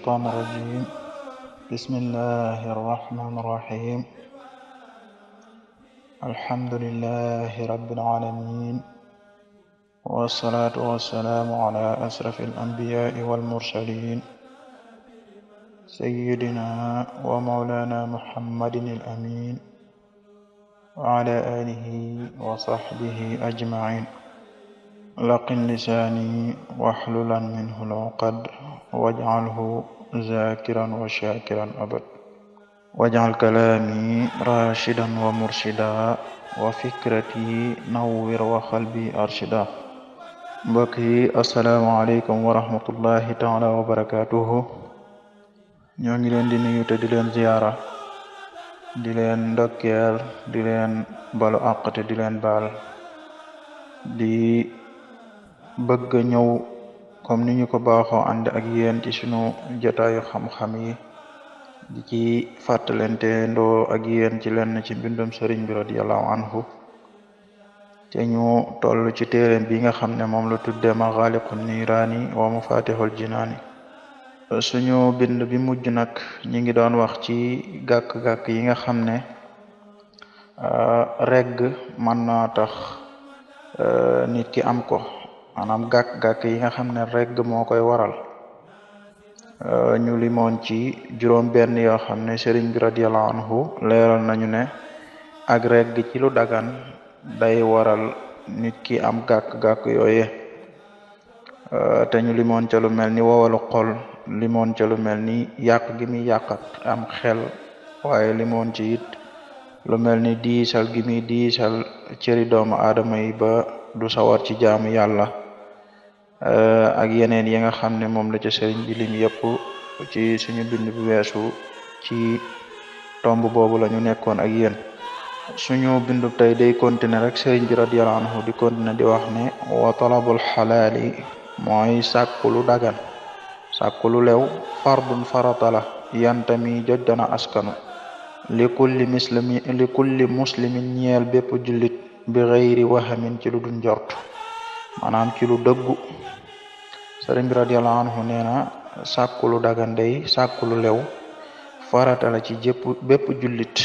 الشيطان الرجيم بسم الله الرحمن الرحيم الحمد لله رب العالمين والصلاة والسلام على أشرف الأنبياء والمرسلين سيدنا ومولانا محمد الأمين وعلى آله وصحبه أجمعين laqin lisaani waxlulan minhu looqad wajcalhu zakiran wa abad wajcal kalaami rashidan wa murshida nawwir wa arshida mbokk yi asalaamualeykum wa rahmatullahi taala wa barakatuhu ngi leen di nuyu te di leen ziyaara di leen ndokkeel di leen balu àq di leen baal bëgg ñëw comme ni ñu ko baaxoo ànd ak yéen ci suñu jotaayu xam-xam yi di ci fàttalante ndoo ak yéen ci lenn ci mbindum sëriñ bi radiallahu anhu te ñu toll ci téeréem bi nga xam ne moom la tudde maxaaliqu niiraani wa mufatihul jinaani suñu bind bi mujj nag ñi ngi doon wax ci gàkk-gàkk yi nga xam ne euh, regg mën naa tax euh, nit ki am ko maanaam gàkk-gàkk yi nga xam ne regg moo koy waral euh, ñu limoon ci juróom benn yoo xam ne sëriñ bi radiyallahu anhu leeral nañu ne ak regg ci lu dagan day waral nit ki am gàkk-gàkk yooye euh, te ñu limoon ca lu mel ni wowalu xol limon ca lu mel ni yàq gi muy yàq ak am xel waaye limoon ci it lu mel ni diisal gi diisal cëri doomu aadama yi ba du sawar ci jaamu yàlla eh, ak yeneen yi nga xam ne moom la ca sëriñ bi yëpp ci suñu bind bi weesu ci tomb boobu la ñu nekkoon ak yéen suñu bindu tey day continuer rek sëriñ bi radiyallahu anhu di continuer di wax ne wa talabul xalaali mooy sàkku lu dagan sàkku lew fardun farata la yantami joj dana askanu li kulli muslimin ñeel bépp jullit bi xayri wahamin ci lu dul njort maanaam ci lu dëggu sëriñ bi radiyallahu anhu nee na sàkku lu dagan day lew faratala ci jëpp bépp julit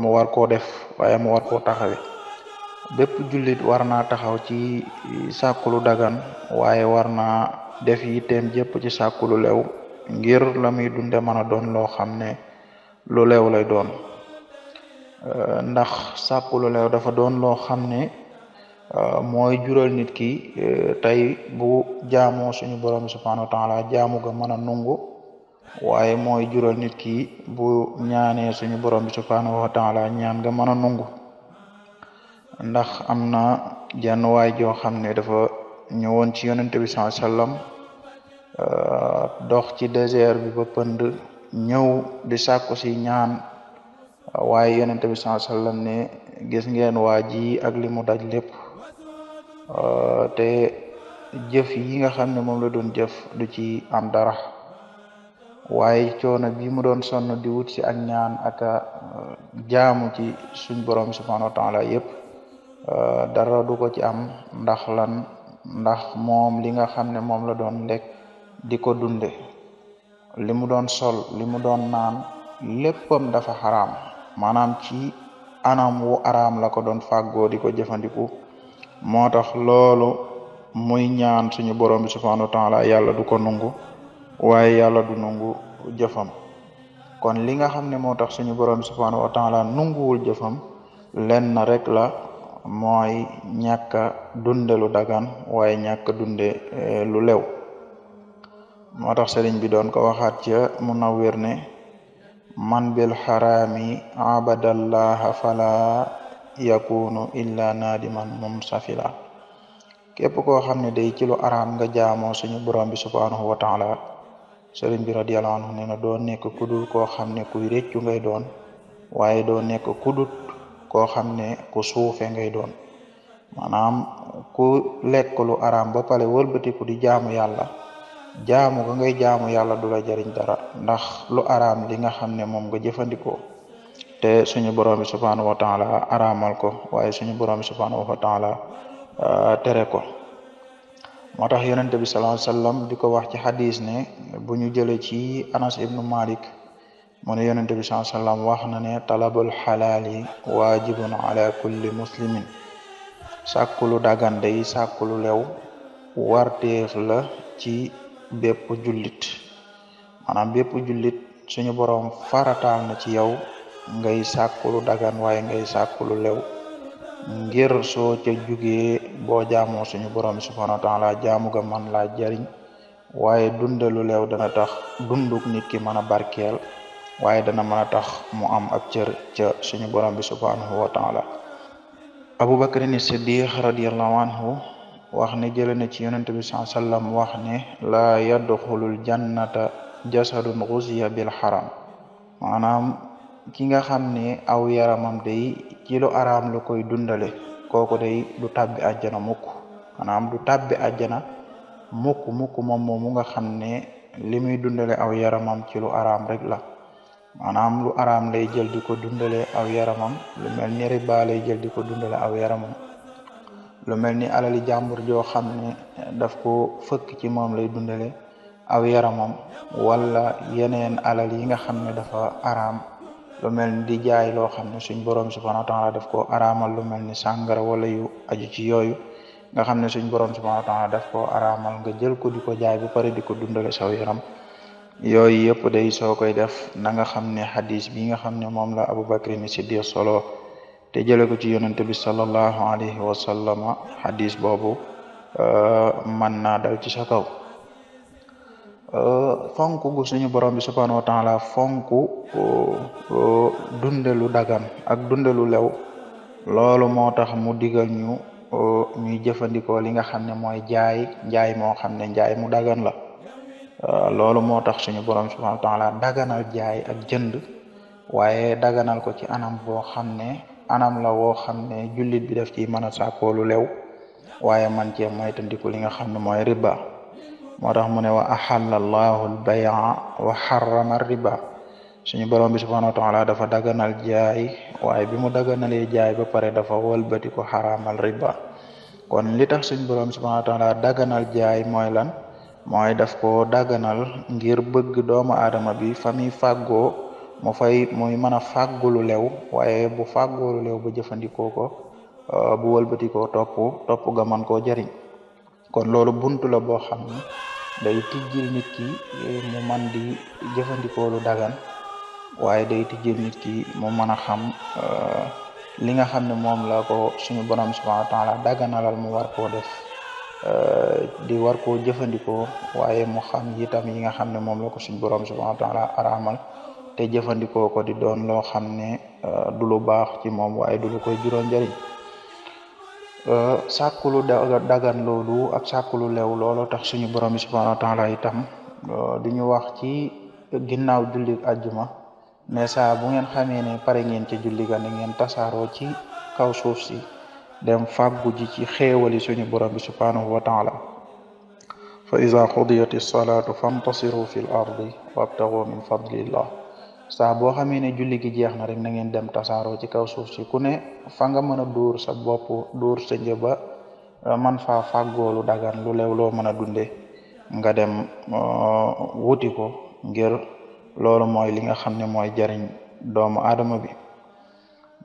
mu war koo def waaye mu war koo taxawe bépp jullit war naa taxaw ci sàkku lu dagan waaye war naa def yitteem jëpp ci sàkku lu lew ngir la muy dunde mën a doon loo xam ne lu lew lay doon Euh, ndax sàkku lu dafa doon loo xam ne euh, mooy jural nit ki euh, tey bu jaamoo suñu borom subhanahu wa taala jaamu ga mën a nungu waaye mooy jural nit ki bu ñaanee suñu borom bi subhanahu wa taala ñaan nga mën a nungu ndax am na jenn waay joo xam ne dafa ñëwoon ci yonente bi sallallahu dox ci désert bi ba pënd ñëw di sàkku si ñaan waaye yonente bi sallallahu ne gis ngeen waa ji ak li mu daj lépp euh, te jëf yi nga xam ne moom la doon jëf du ci am dara waaye coono bi mu doon sonn di wut si ak ñaan ak euh, jaamu ci suñ borom subhanahu wa taala yëpp euh, dara du ko ci am ndax lan ndax moom li nga xam ne moom la doon lekk di ko dunde limu mu doon sol limu mu doon naan léppam dafa xaram maanaam ci anam wu araam la ko doon fàggoo di ko jëfandiku moo tax loolu muy ñaan suñu borom bi subhanahu wa taala yàlla du ko nungu waaye yàlla du nungu jëfam kon li nga xam ne moo tax suñu borom bi subhanahu wa taala nunguwul jëfam lenn rek la mooy ñàkk a dagan waaye ñàkk a dunde eh, lu lew moo tax sëriñ bi doon ko waxaat ca mu nawér ne man bil xaraami abadallaha fala yakunu illa nadiman mumsafila képp koo xam ne day ci lu araam nga jaamoo suñu borom bi subhanahu wa taala sëriñ bi radiyallahu anhu nee na doo nekk kudul koo xam ne kuy réccu ngay doon waaye doo nekk kudut koo xam ne ku suufe ngay doon maanaam ku lekk lu araam ba pare wëlbatiku di jaamu yàlla jaamu ga ngay jaamu yàlla du la jariñ dara ndax lu araam li nga xam ne moom nga jëfandikoo te suñu borom bi subhanahu wa taala araamal ko waaye suñu borom bi subhanahu wa taala uh, tere ko moo tax yonente bi sallallahu alayhi di ko wax ci xadis ne bu ñu jëlee ci anas ibnu malik mu ne yonente bi sallallahu alayhi wasallam wax na ne talabul xalaali waajibun ala kulli muslimin sàkkulu dagan day sàkkulu lew warteef ci bépp jullit maanaam bépp jullit suñu borom farataal na ci yow ngay sàkkulu dagan waaye ngay sàkkulu lew ngir soo ca jugee boo jaamoo suñu borom bi subhanahu wa taala jaamu man laa jariñ waaye dundalu leew dana tax dunduk nit ki mën a barkeel waaye dana mën tax mu am ab cër ca suñu borom bi subhanahu wa taala abubakar ni siddiq radiallahu anhu wax ne jële na ci yonent bi saa sallam wax ne laa yadxulul jannata jasadun xusiya bil xaram maanaam ki nga xam ne aw yaramam day ci lu araam koy dundale kooku day du tabbi àjjana mukk maanaam du tabbi àjjana mukk mukk nga xam ne li muy dundale aw yaramam ci lu araam rek la maanaam lu aram lay jël di ko dundale aw yaramam lu mel ni jël di ko dundale aw yaramam lu mel ni alali jàmbur joo xam ne daf ko fëkk ci moom lay dundale aw yaramam wala yeneen alal yi nga xam ne dafa araam lu mel ni di jaay loo xam ne suñ borom subhanahu wa taala ko araamal lu mel ni sàngara wala yu aju ci yooyu nga xam ne suñ borom subhanahu wa taala daf ko aramal nga jël ko di ko jaay ba pare di ko dundale saw yaram yooyu yëpp day soo koy def na nga xam ne xadis bi nga xam ne moom la Abu Bakr ni Siddiq solo te jële ko ci yonente bi sallallahu alayhi wa sallama hadis boobu euh, man naa dal ci sa kaw euh, fonk gu suñu borom bi subhanahu wa taala fonk euh, dundelu dagan ak dundelu lew loolu moo tax mu digal ñu ñuy jëfandikoo li nga xam ne mooy jaay njaay moo xam ne njaay mu dagan la loolu moo tax suñu borom subhanahu wa taala daganal jaay ak jënd waaye daganal ko ci anam boo xam ne anam la woo xam ne jullit bi daf ci mën a sàkkoo lu lew waaye man cee moytandiku li nga xam ne mooy riba moo tax mu ne wa axalla allahu albayaa wa xarama riba suñu borom bi subhanahu wa taala dafa daganal jaay waaye bi mu daganalee jaay ba pare dafa wëlbati ko kon li tax suñu borom bi subhanahu wa daganal jaay mooy lan moy def ko daganal ngir bëgg doomu aadama bi fa muy fàggoo mo fay muy mën a fàggulu lew waaye bu fàggulu lew ba jëfandikoo ko euh, bu wëlbatikoo topp topp ga man koo jariñ kon loolu buntu la boo xam ne day tijjil nit ki mu man di jëfandikoo lu waaye day tijjil nit ki mu mën a xam euh, li nga xam ne moom la ko suñu borom subhanahu wa taala daganalal war koo def euh, di war koo jëfandikoo waaye mu xam itam yi nga ne moom la ko suñu borom subhanahu wa te jëfandikoo ko di doon loo xam ne euh, du lu baax ci moom waaye du lu koy juróom njëriñ euh, sàkku lu dagan loolu ak sàkku lu lew loolu tax suñu borom bi subhanahu wa itam euh, di ñu wax ci ginnaaw julli ajjuma ne saa bu ngeen xamee ne pare ngeen ci julligan ne ngeen tasaaroo ci kaw suuf si dem fàggu ji ci xéewali suñu borom bi subhanahu wa taala fa iza xudiyati salaatu fantasiru fi l ardi wabtagu min fadlillah saa boo xamee ne julli gi jeex na rek na ngeen dem tasaaroo ci kaw suuf si ku ne fa nga mën a dóor sa boppu dóor sa njëba man faa fàggoolu dagan lu lew loo mën a dunde nga dem uh, wuti ko ngir loolu mooy li nga xam ne mooy jariñ doomu aadama bi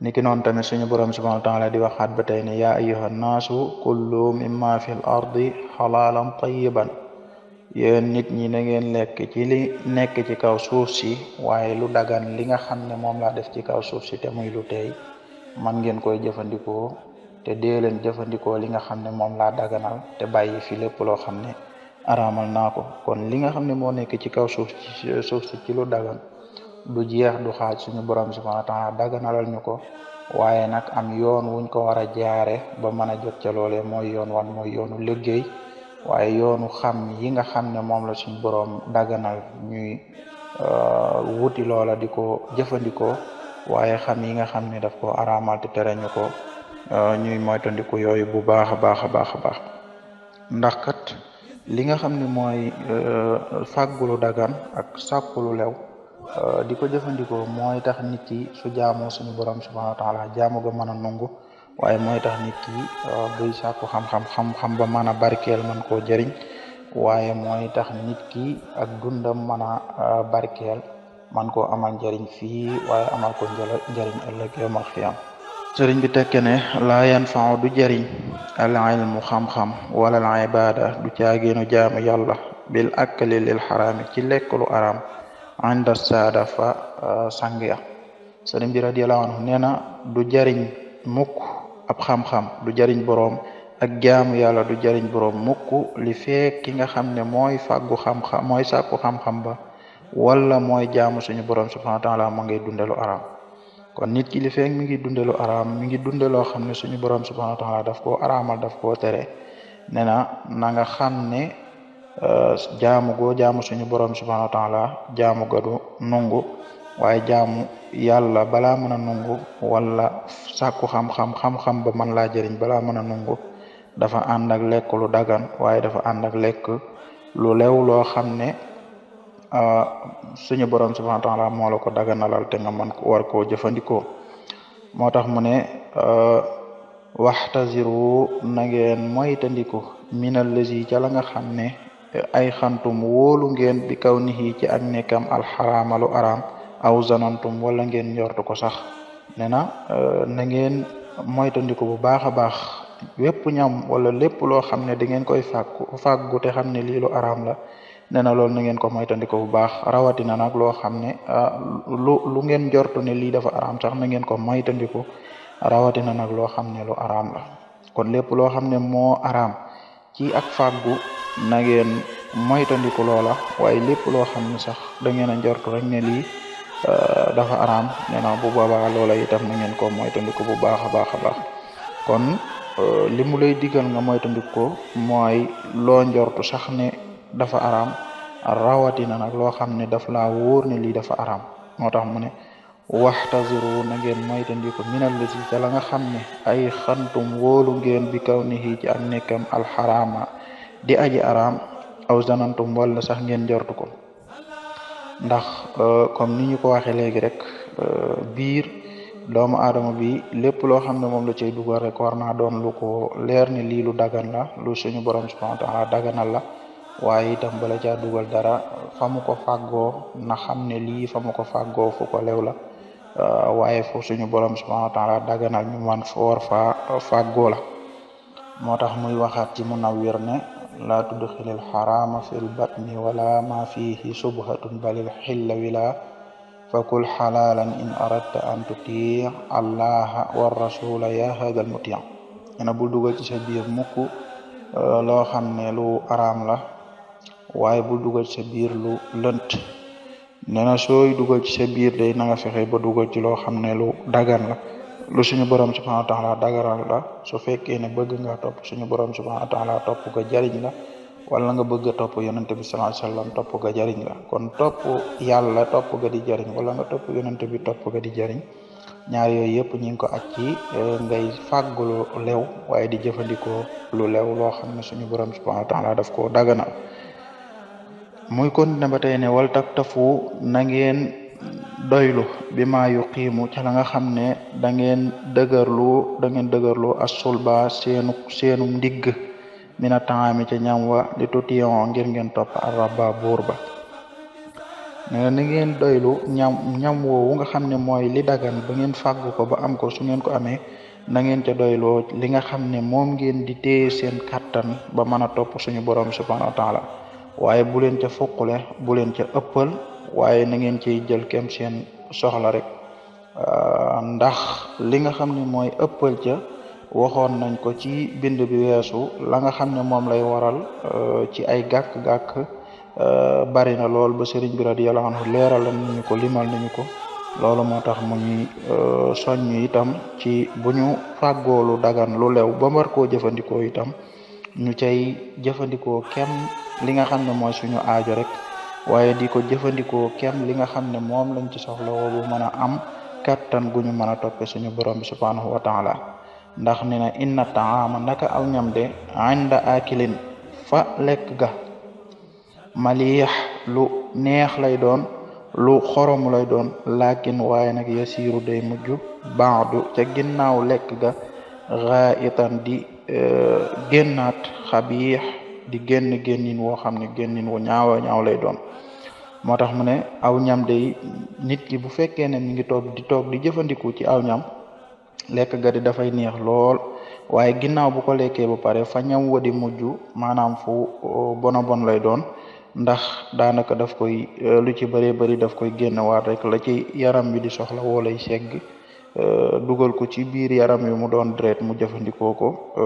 niki noonu tamit suñu borom subhanahu wa taala di waxaat ba tey ne yaa ayyuhan naasu kullu mimma fil ardi xalaalan tayiban yéen nit ñi na ngeen lekk ci li nekk ci kaw suuf si waaye lu dagan li nga xam ne moom la def ci kaw suuf si te muy lu tey man ngeen koy jëfandikoo te dee leen jëfandikoo li nga xam ne moom laa daganal te bàyyi fi lépp loo xam ne aramal naa ko kon li nga xam ne moo nekk ci kaw suuf si suuf si ci lu dagan du jeex du xaaj suñu borom subhanahu wa taala daganalal ñu ko waaye nag am yoon wuñ ko war a jaare ba mën a jot ca loolee mooy yoon wan mooy yoonu liggéey waaye yoonu xam yi nga xam ne moom la suñ boroom daganal ñuy euh, wuti loola di ko jëfandikoo waaye xam yi nga xam ne daf ko araamal te tere ñu ko euh, ñuy moytandiku yooyu bu baax a baax a baax baax ndax kat li nga xam ne mooy fàggulu euh, dagan ak sàkkulu lew di ko jëfandikoo mooy tax nit ki su jaamoo suñu borom subhanahu wa taala jaamu ga mën a nangu waaye mooy tax nit ki euh, buy sàkku xam-xam xam ba mën a barkeel man koo jëriñ waaye mooy tax nit ki ak dundam mën a euh, barkeel man ko amal njëriñ fii waaye amal ko njëriñ ëllëg yomal xiyam sëriñ bi tekke ne laa yan du jëriñ al ilmu xam-xam wala al baada du caageenu jaamu yàlla bil akali lil xaraami ci lekk lu araam ànda saada fa euh, sang ya sëriñ bi radiyallahu anhu nee na du jëriñ mukk ab xam-xam du jariñ boroom ak jaamu yàlla du jariñ borom mukk li fekk ki nga xam ne mooy fàggu xam-xam mooy sàkku xam-xam ba wala mooy jaamu suñu borom subhanahu wa taala mu ngay dundelu araam kon nit ki li fekk mi ngi dundelu araam mi ngi dundeloo xam ne suñu borom subhanahu wa taala daf ko araamal daf koo tere ne na na xam ne euh, jaamu goo jaamu suñu borom subhanahu wa taala jaamu gadu nungu waaye jaamu yàlla balaa mën a nungu wala sàkku xam-xam xam ba mën laa jëriñ balaa mën a nungu dafa ànd ak lu dagan waaye dafa ànd ak lekk lu lew loo xam ne ah, suñu borom subhanahu wa taala moo la ko daganalal te nga mën war koo jëfandikoo moo tax mu ne ah, waxtaziru na ngeen moytandiku minal lesi ca la nga xam ne ay xantum wóolu ngeen bi kaw nihi ci ak nekkam alxaraamalu araam aw zanantum wala ngeen njortu ko sax nee na euh, na ngeen moytandiku bu baax a baax wépp ñam wala lépp loo xam ne da ngeen koy fàggu fàggu te xam ne lii lu araam la nee na loolu na ngeen ko moytandiku bu baax rawatina nag loo xam ne euh, lu lu ngeen jortu ne lii dafa araam sax na ngeen ko moytandiku rawatina nag loo xam ne lu araam la kon lépp loo xam ne moo araam ci ak fàggu na ngeen moytandiku loola waaye lépp loo xam ne sax da ngeen a njortu rek ne lii Euh, dafa araam nee na bu boobaa loola itam na ngeen ko moytandiku bu baax a baax a baax kon euh, li mu lay digal nga moytandiku ko mooy loo njortu sax ne dafa araam rawatina nag loo xam ne daf la wóor ne lii dafa araam moo tax mu ne waxtaziru na ngeen moytandiku minal la si ca la nga xam ne ay xantum wóolu ngeen bi kaw ni ci ak nekkam alxaraama di aji araam aw zanantum wala sax ngeen jortu ko ndax euh, comme ni ñu ko waxee léegi rek euh, biir doomu aadama bi lépp loo xam ne moom la cey dugal rek war naa doon lu ko leer ni lii lu dagan la lu suñu borom subhanahu wa taala daganal la waaye itam bala caa dugal dara fa mu ko fàggoo na xam ne lii fa mu ko fàggoo ko lew la euh, waaye fu suñu borom subhanahu wa taala daganal ñu man foor fa fàggoo la moo tax muy waxaat ci mu nawir ne laa tudxilil xaraama fil batni wala ma fihi subhatun balil xilla wila fakul xalaalan in aradta an tuti allaha wa rasula ya hadal muti bul dugal ci sa biir mukk euh, loo xam ne lu araam la waaye bul dugal ci sa lu lënt nee na sooy dugal ci sa biir day na nga ba dugal ci loo xam ne lu dagan la lu suñu borom subhanahu wa taala dagaral la su fekkee ne bëgg nga topp suñu borom subhanahu wa topp ga jariñ la wala nga bëgg a topp yonente bi sallallahu alayhi wasallam topp ga jariñ la kon topp yàlla topp ga di jariñ wala nga topp yonente bi topp ga di jariñ ñaar yooyu yëpp ñi ngi ko aj ci eh, ngay fàggu lu lew waaye di jëfandikoo lu lew loo xam ne suñu borom subhanahu wa taala daf koo daganal muy kon ne ne wal tafu na doylu bi yu kiimu ca la nga xam ne da ngeen dëgërlu da ngeen dëgërlu asulba seenu seenu ndigg mina taami ca ñam wa li tutiyon ngir ngeen topp araba buur ba mais na ngeen doylu ñam ñam woowu nga xam ne mooy li dagan ba ngeen fàggu ko ba am ko su ngeen ko amee na ngeen ca doyloo li nga xam ne moom ngeen di téye seen kattan ba mën a topp suñu borom subhanahu wa taala waaye bu leen ca fuqule bu leen ca ëppal waaye na ngeen ci jël kem seen soxla rek ah, ndax li nga xam ne mooy ëppal ca waxoon nañ ko ci bind bi weesu la nga xam ne moom lay waral ah, ci ay gàkk-gàkk ah, bari na lool ba sëriñ bi radiyallahu ko limal nañu ko loolu moo tax mu ñuy soññ itam ci bu ñu fàggoo dagan lu lew ba mbar koo jëfandikoo itam ñu cay jëfandikoo kem li nga xam ne mooy suñu aajo rek waaye di ko jëfandikoo kem li nga xam ne moom lañ ci soxla woo bu mën a am kattan gu ñu mën a toppe suñu borom bi subhanahu wa taala ndax ne na inna ma naka aw ñam de inda akilin fa lekk ga maliix lu neex lay doon lu xorom lay doon lakin waaye nag yasiiru day mujj baadu ca ginnaaw lekk ga xaa itan di euh, génnaat xabiix di génn génnin woo xam ne génnin wu ñaawa ñaaw lay doon moo tax mu ne aw ñam de nit ki bu fekkee ne mi ngi toog di toog di jëfandiku ci aw ñam lekk ga di dafay neex lool waaye ginnaaw bu ko lekkee ba pare fa ñam wa di mujj maanaam fu bona bon lay doon ndax daanaka daf koy e, lu ci bëree bëri daf koy génn waat rek la ci yaram wi di soxla woo lay segg e, dugal ko ci biir yaram wi mu doon dret mu jëfandikoo ko e,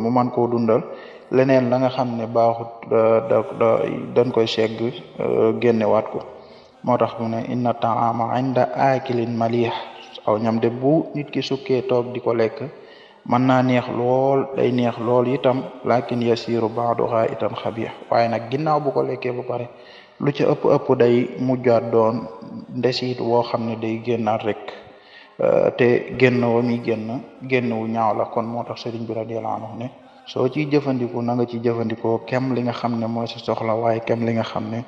mu man koo dundal leneen la nga xam ne baaxut da da dañ koy segg euh, génnewaat ko moo tax mu ne inna taama inda aakilin malih aw ñam de bu nit ki sukkee toog di ko lekk mën naa neex lool day neex lool itam lakin yasiru baaduha itam xabiix waaye nag ginnaaw bu ko lekkee ba pare lu ca ëpp ëpp day mujjaat doon ndesiit woo xam ne day génnaat rek euh, te génn wa mi génn génn wu ñaaw la kon moo tax sëriñ bi radiyallahu ne soo ciy jëfandiku na nga ci jëfandikoo kem li nga xam ne mooy sa soxla waaye kem li nga xam ne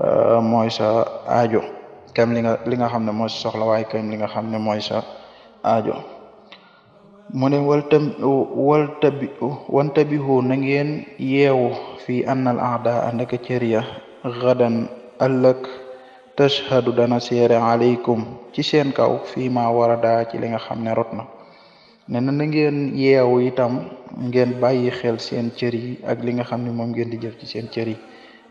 euh, mooy sa ajo kem li li nga xam ne mooy sa soxla waaye kem li nga xam ne mooy sa aajo mu ne wal ta wal tabi wantabihu na ngeen yeewu fii annal aada andaka cër ya gadan ëllëg tashhadu dana seere aleykum ci seen kaw fii ma wara daa ci li nga xam ne root na ne na yeewu itam ngeen bàyyi xel seen cër yi ak li nga xam ne moom ngeen di jëf ci seen cër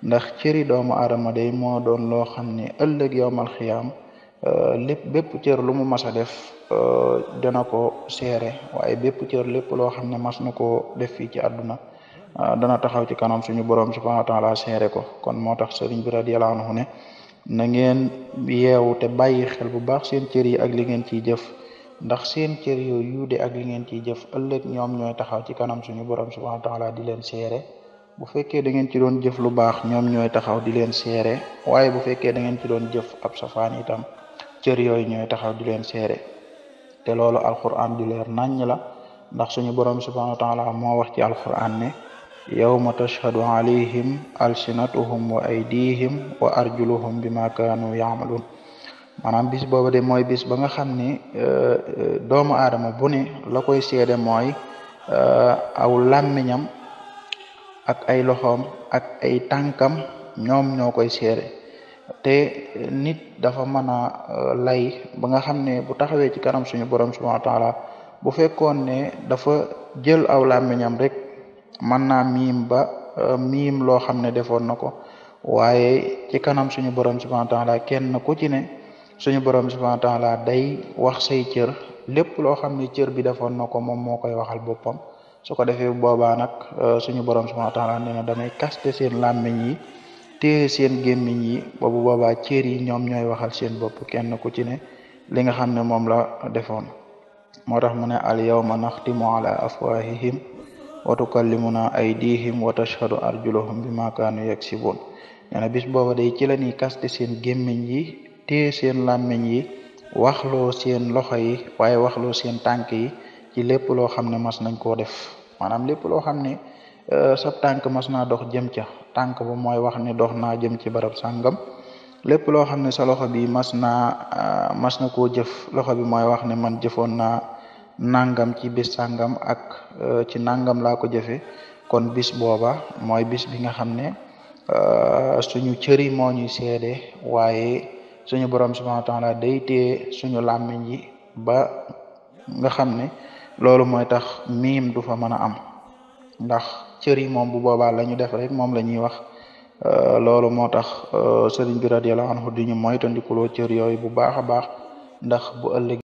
ndax ceri doomu aadama day moo doon loo xam ne ëllëg yowmal xiyaam euh, lépp bépp cër lu mu mas a def euh, dana ko seere waaye bépp cer lépp loo xam ne mas na koo def fii ci àdduna euh, dana taxaw ci kanam suñu borom subhanahu wa taala seere ko kon moo tax sëriñ bi radiyallahu anhu ne na ngeen yeewu te bàyyi xel bu baax seen cër yi ak li ngeen ci jëf ndax seen cër yooyu yuude ak li ngeen ciy jëf ëllëg ñoom ñooy taxaw ci kanam suñu borom subhanahu wa di leen seere bu fekkee da ngeen ci doon jëf lu baax ñoom ñooy taxaw di leen seere waaye bu fekkee da ngeen ci doon jëf ab safaan itam cër yooyu ñooy taxaw di leen seere te loolu alquran di leer naññ la ndax suñu borom subhanahu wa taala moo wax ci alquran ne yawma tashhadu alayhim alsinatuhum wa aydihim wa arjuluhum bima kaanu yaamaluun maanaam bis boobu de mooy bis ba nga xam ni euh, euh, doomu aadama bu ne la koy seede mooy euh, aw làmmiñam ak ay loxom ak ay tànkam ñoom ñoo koy seede te nit dafa mën a lay ba nga xam ne bu taxawee ci kanam suñu borom subhanahu wa taala bu fekkoon ne dafa jël aw làmmiñam rek mën naa miim ba miim loo xam ne defoon na ko waaye ci kanam suñu borom subhanahu wa taala kenn ku suñu borom subhanahu wa taala day wax say cër lépp loo xam ne cër bi defoon na ko moom moo koy waxal boppam su ko defee boobaa nag euh, suñu borom subhanahu wa taala nee na damay kaste seen làmmiñ yi téye seen gémmiñ yi boobu boobaa cër yi ñoom ñooy waxal seen bopp kenn ku ci ne li nga xam ne moom la defoon moo tax mu ne al yawma naxtimu ala afwahihim wa tukallimuna aydihim wa tashhadu arjuluhum bima kaanu yaksibun nee na bis booba day ci la ñuy kaste seen gémmiñ yi téye seen làmmiñ yi waxloo seen loxo yi waaye waxloo seen tànk yi ci lépp loo xam ne mas nañ koo def maanaam lépp loo xam ne euh, sab tànk mas naa dox jëm ca tànk ba mooy wax ne dox naa jëm ci barab sàngam lépp loo xam ne sa loxo bi mas naa euh, mas na koo jëf loxo bi mooy wax ne man jëfoon naa nangam ci bis sangam ak euh, ci nangam laa ko jëfe kon bis booba mooy bis bi nga xam ne suñu cëri moo ñuy waaye suñu borom subhanahu wa taala day téye suñu làmmiñ yi ba nga xam ne loolu mooy tax miim du fa mën a am ndax cër yi moom bu boobaa la ñu def rek moom la ñuy wax euh, loolu moo tax euh, sëriñ bi radiyallahu anhu di ñu moytandikuloo cër yooyu bu baax a baax ndax bu ëllëg